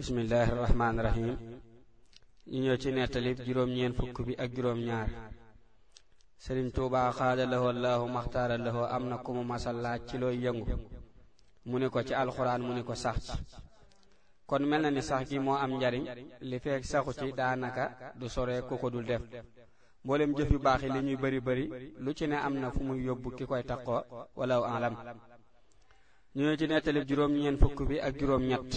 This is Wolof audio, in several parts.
bismillahi rahmaani rahim ñu ñëw ci nettalib juróom-ñeen fukk bi ak juróom-ñaar sëriñ tuubaa xaada lahoo laahu maxtaara lahoo am na ku mu masa laaj ci looy yëngu mu ni ko ci alxuraan mu ni ko sax ci kon mel na ni sax gi moo am njariñ li feek saxu ci daanaka du sore ku ko dul def mboolem jëf yu baax yi li ñuy bari bari lu ci ne am na fu muy yóbbu ki koy taqoo walaw alam ñu ñëw ci nettalib juróom-ñeen fukk bi ak juróom-ñett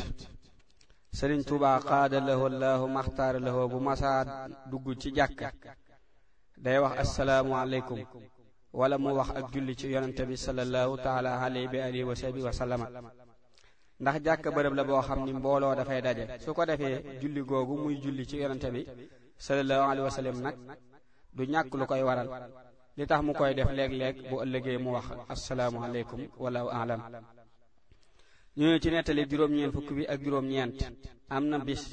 sëriñ tubaa xaada lahoo laahu maxtaara lahoo bu masaa dugg ci jàkka day wax assalaamu aleykum wala mu wax ak julli ci yonente bi sallallahu taala alayhi bi alihi wa sahbi wa ndax jàkka bërëb la boo xam ni mbooloo dafay daje su ko defee julli googu muy julli ci yonente bi sallallahu alayhi wa sallam nag du ñàkk lu koy waral li tax mu koy def léeg-léeg bu ëllëgee mu wax assalaamu aleykum wallahu alam ñu ne ci nettali juróom-ñeent fukk bi ak juróom-ñeent am na bis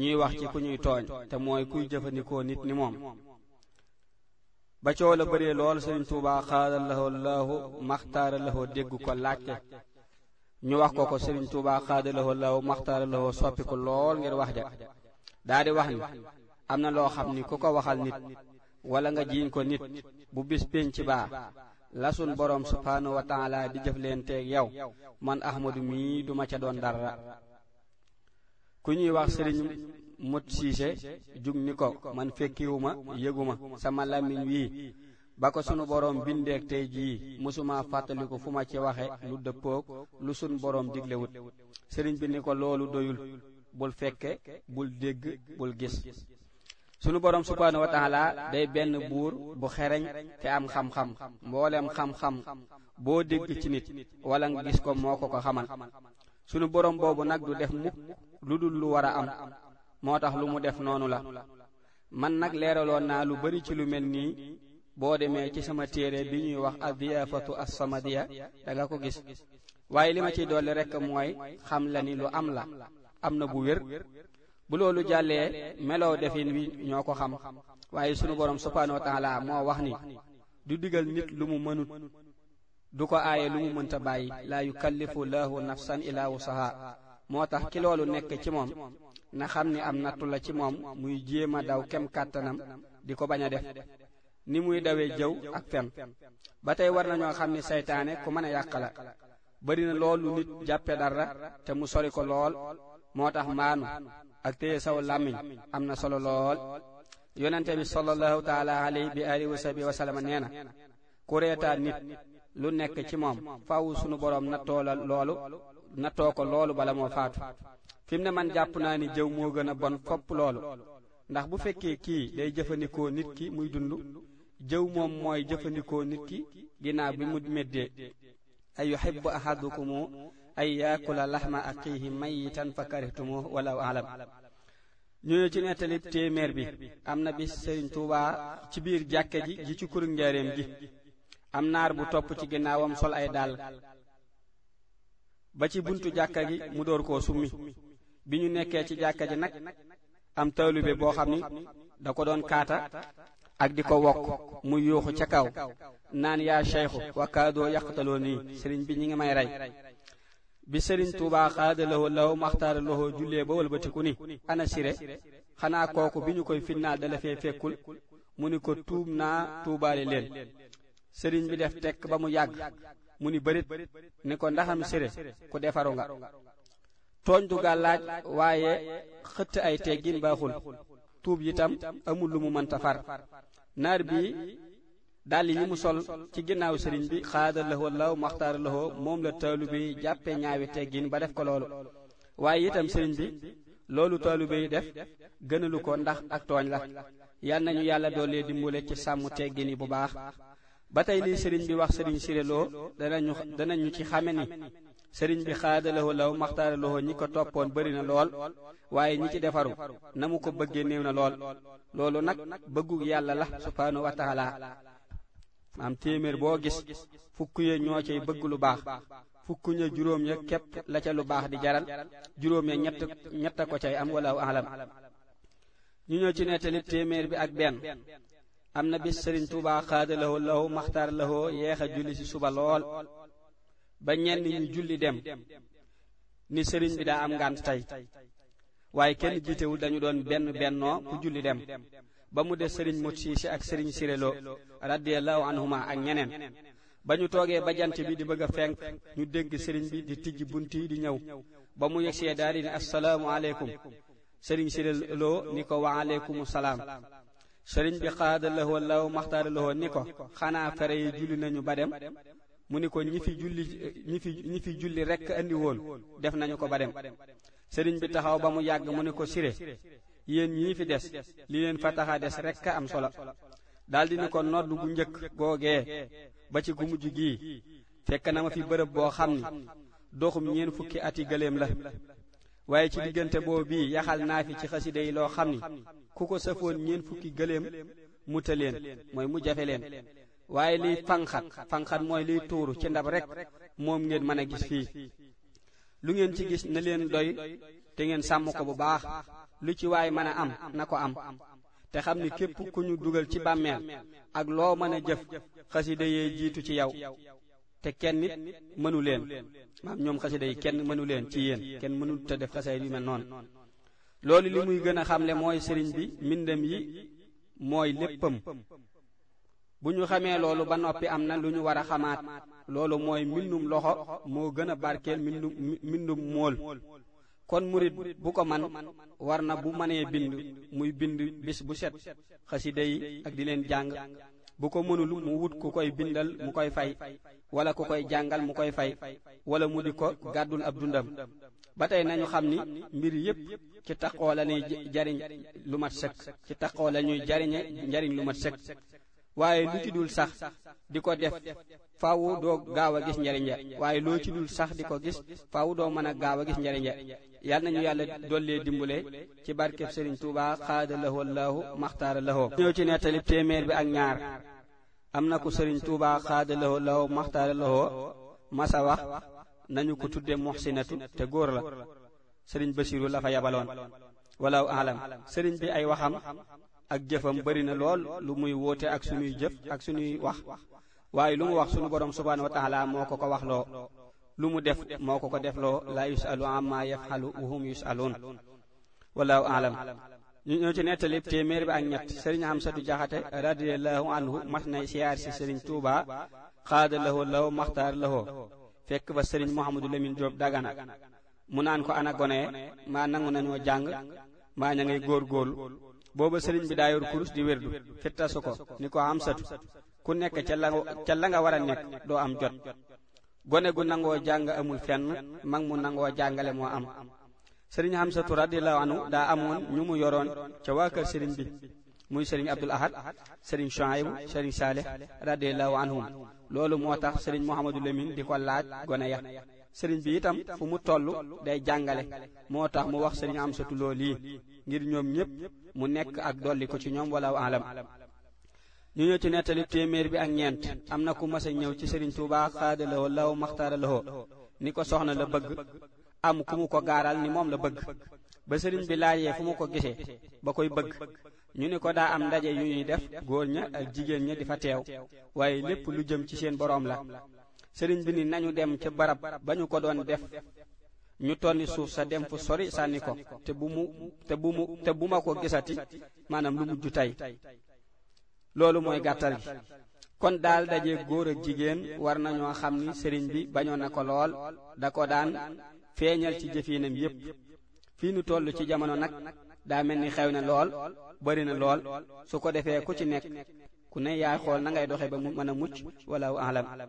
ñuy wax ci ku ñuy tooñ te mooy kuy jëfandikoo nit ni moom ba coow la bëree lool sëriñ Tuubaa xaala lahu lahu maxtaara lahu dégg ko laajte ñu wax ko ko sëriñ Tuubaa xaala lahu lahu maxtaara lahu soppi ko lool ngir wax ja daa di wax ni am na loo xam ni ku ko waxal nit wala nga jiiñ ko nit bu bis pénc baa la sun borom subhaanahu wa taala di jëflanteeg yow yow man ahmadu mii duma ca doon dara ku ñuy wax sëriñ mut siise jug ni ko man fekkiwuma yëguma sama làmmiñ wii ba ko sunu boroom bindeeg tey jii mosuma fàttaliku fu ma ci waxe lu dëppoog lu sun boroom diglewut sëriñ bi ni ko loolu doyul bul fekke bul dégg bul gis sunu borom subhaanahu wa taala day benn buur bu xereñ te am xam-xam mbooleem xam-xam boo dégg ci nit wala nga gis ko moo ko ko xamal sunu borom boobu nag du def mukk lu dul lu war a am moo tax lu mu def noonu la man nag leeraloon naa lu bari ci lu mel nii boo demee ci sama téere bi ñuy wax adiyafatu assamadiya da nga ko gis waaye li ma ciy dolli rekk mooy xam la ni lu am la am na bu wér bu loolu jàllee melow defin wi ñoo ko xam waaye sunu borom subhaanahu wa taala moo wax ni du digal nit lu mu mënut du ko aaye lu mu mënta bàyyi laa yukallifu laahu nafsan ilaa wusaha moo tax ki loolu nekk ci moom na xam ni am nattu la ci moom muy jéem a daw kem kàttanam di ko bañ a def ni muy dawee jëw ak fen ba tey war nañoo xam ni seytaane ku mën a yàq la bari na loolu nit jàppe dara te mu sori ko lool moo tax maanu ak téye saw làmmiñ am na solo lool yonente bi sallallahu taala alayhi bi alihi wa sahbi wa sallama nee na ku reetaan nit lu nekk ci moom faaw sunu boroom nattoo la loolu nattoo ko loolu bala moo faatu fi mu ne man jàpp naa ni jëw moo gën a bon fopp loolu ndax bu fekkee kii day jëfandikoo nit ki muy dund jëw moom mooy jëfandikoo nit ki ginnaaw bi mu meddee ay yuhibbu ahadukum ay yaakula laxma axiihi mayitan fa karihtumuh walaw alam ñooñu ci nettalib téeméer bi am na bis Sëriñ Tuubaa ci biir jàkke ji ci kuru njaareem gi am naar bu topp ci ginnaawam sol ay dàll ba ci buntu jàkka gi mu door koo summi bi ñu nekkee ci jàkka ji nag am taalibe boo xam ni da ko doon kaata ak di ko wokk muy yuuxu ca kaw naan yaa seyxu wa kaadoo yaqtaloo nii sëriñ bi ñi ngi may rey bi sëriñ Tuubaa xaada lahoo lahoo maxtaara lahoo jullee ba walbatiku ni ana sire xanaa kooku bi ñu koy finnaal dala fee fekkul mu ni ko tuub naa tuubaale leen sëriñ bi def tekk ba mu yàgg mu ni bërit ni ko ndaxam sire ku defaru nga tooñ du gàllaaj waaye xëtt ay teggin baaxul tuub yitam amul lu mu mënta far naar bi dàll yi mu sol ci ginnaaw sëriñ bi xaada lahoo law maxtaara lahoo moom la taalube yi jàppe ñaawi teggin ba def ko loolu waaye itam sëriñ bi loolu taalube yi def gënalu ko ndax ak tooñ la yal ñu yàlla doole dimbale ci sàmm teggin yi bu baax ba tey lii sëriñ bi wax sëriñ siréloo danañu danañu ci xame ni sëriñ bi xaadalawoo law maxtaara lowoo ñi ko toppoon bari na lool waaye ñi ci defaru na mu ko bëggee néew na lool loolu nag bëggu yàlla la subhaanahu am téeméer boo gis fukk ya ñoo ci bëgg lu baax fukk ña juróom ya képp la ca lu baax di jaral juróom ya ñett ñett ko cay am walaahu alam ñu ñëw ci nettali téeméer bi ak benn am na bis sëriñ Tuubaa xaada lahoo lahoo maxtaar lahoo a julli ci suba lool ba ñenn ñu julli dem ni sëriñ bi daa am ngànt tey waaye kenn jiitewul dañu doon benn bennoo ku julli dem ba mu des sëriñ mot siise ak sëriñ siréloo radiallahu anhuma ak ñeneen ba ñu toogee ba jant bi di bëgg a fenk ñu dénk sëriñ bi di tijj bunt yi di ñëw ba mu yegsee daal di ne assalaamu aleykum sëriñ siréloo ni ko wa aleykumu salaam sëriñ bi xaada lahoo law maxtaara lahoo ni ko xanaa fere yi julli nañu ba dem mu ni ko ñi fi julli ñi fi ñi fi julli rekk indi woon def nañu ko ba dem sëriñ bi taxaw ba mu yàgg mu ni ko sire yéen ñii fi des li leen fataxa des rekk a am solo daldi ni ko nodd gu njëkk googee ba ci gu mujj gii fekk na ma fi bërëb boo xam ni doxum ñeen fukki ati gëléem la waaye ci diggante boo bii yaxal naa fi ci xasida yi loo xam ni ku ko safoon ñeen fukki gëléem mu tëleen mooy mu jafe leen waaye liy fanxat fanxat mooy liy tuuru ci ndab rek moom ngeen mën a gis fii lu ngeen ci gis na leen doy te ngeen sàmm ko bu baax lu ci waay mën a am na ko am te xam ni képp ku ñu dugal ci bàmmeel ak loo mën a jëf xasida yee jiitu ci yow te kenn nit mënu leen maam ñoom xasida yi kenn mënu leen ci yéen kenn mënul te def xasida yu mel noonu loolu li muy gën a xamle mooy sëriñ bi mbindam yi mooy léppam bu ñu xamee loolu ba noppi am na lu ñu war a xamaat loolu mooy mbindum loxo moo gën a barkeel mbindum mbindum mool kon murit bu ko man war na bu mënee bind muy bind bis bu set xasida yi ak di leen jàng bu ko mënul mu wut ku koy bindal mu koy fay wala ku koy jàngal mu koy fay wala mu di ko gàddul ab dundam ba tey nañu xam ni mbir yépp ci taqoo la ñuy jariñ lu mat sëkk ci taqoo la ñuy jariñe njariñ lu mat sëkk waaye lu ci dul sax di ko def faaw doo gaaw a gis njariñ ja waaye loo ci dul sax di ko gis faw doo mën a gaaw a gis njariñ ja yal nañu yàlla dollee dimbule ci barkeb Sëriñ Tuubaa xaada lahoo laahu maxtaara lahoo ñëw ci nettalib téeméer bi ak ñaar am na ku Sëriñ Tuubaa xaada lahoo laahu maxtaara lahoo masa wax nañu ko tudde muxsinatu te góor la Sëriñ Basiru la fa yabaloon walaaw alam sëriñ bi ay waxam ak jëfam bari na lool lu muy woote ak suñuy jëf ak suñuy wax waaye lu mu wax sunu borom subhaanahu wa taala moo ko ko waxloo lu mu def moo ko ko defloo laa yusalu amma yafxalu wa hum yusaluun wallahu aalam ñu ñëw ci nettalib téeméer bi ak ñett sëriñ Hamsatu Jaxate radiallahu anhu mas nay siyaar si sëriñ Tuuba xaada lahoo law maxtaar lahoo fekk ba sëriñ Mouhamadou Lamine Diop dagana mu naan ko ana gone maa nangu nañoo jàng maa ña ngay góor booba sëriñ bi daa yor kurus di wérdu fittasu ko ni ko amsatu ku nekk ca la nga war a nekk doo am jot gone gu nangoo jàng amul fenn mag mu nangoo jàngale moo am sëriñ amsatu radiyallahu anhu daa amoon ñu mu yoroon ca waa kër sëriñ bi muy sëriñ abdul ahad sëriñ shuaybu sëriñ saalih radiyallahu anhum loolu moo tax sëriñ muhammadu lamin di ko laaj gone ya sëriñ bi itam fu mu toll day jàngale moo tax mu wax sëriñ amsatu loolu yi ngir ñoom ñépp mu nekk ak dolli ko ci ñoom walaaw alam ñu ñëw ci nettali téeméer bi ak ñeent am na ku mas ñëw ci Serigne Touba xaadalawoo law maxtaaralawoo ni ko soxna la bëgg am ku mu ko gaaral ni moom la bëgg ba sëriñ bi laajee fu mu ko gisee ba koy bëgg ñu ni ko daa am ndaje yu ñuy def góor ña ak jigéen ña di fa teew waaye lépp lu jëm ci seen boroom la sëriñ bi ni nañu dem ca barab ba ñu ko doon def ñu tonni suuf sa dem fu sori sànni ko te bu mu te bu mu te bu ma ko gisati maanaam lu mujj tey loolu mooy gàttal gi kon daal daje góor ak jigéen war ñoo xam ni sëriñ bi bañoon na ko lool da ko daan feeñal ci jëfinam yépp fii nu toll ci jamono nag daa mel ni xew na lool bari na lool su ko defee ku ci nekk ku ne yaay xool na ngay doxe ba mu mën a mucc wala alam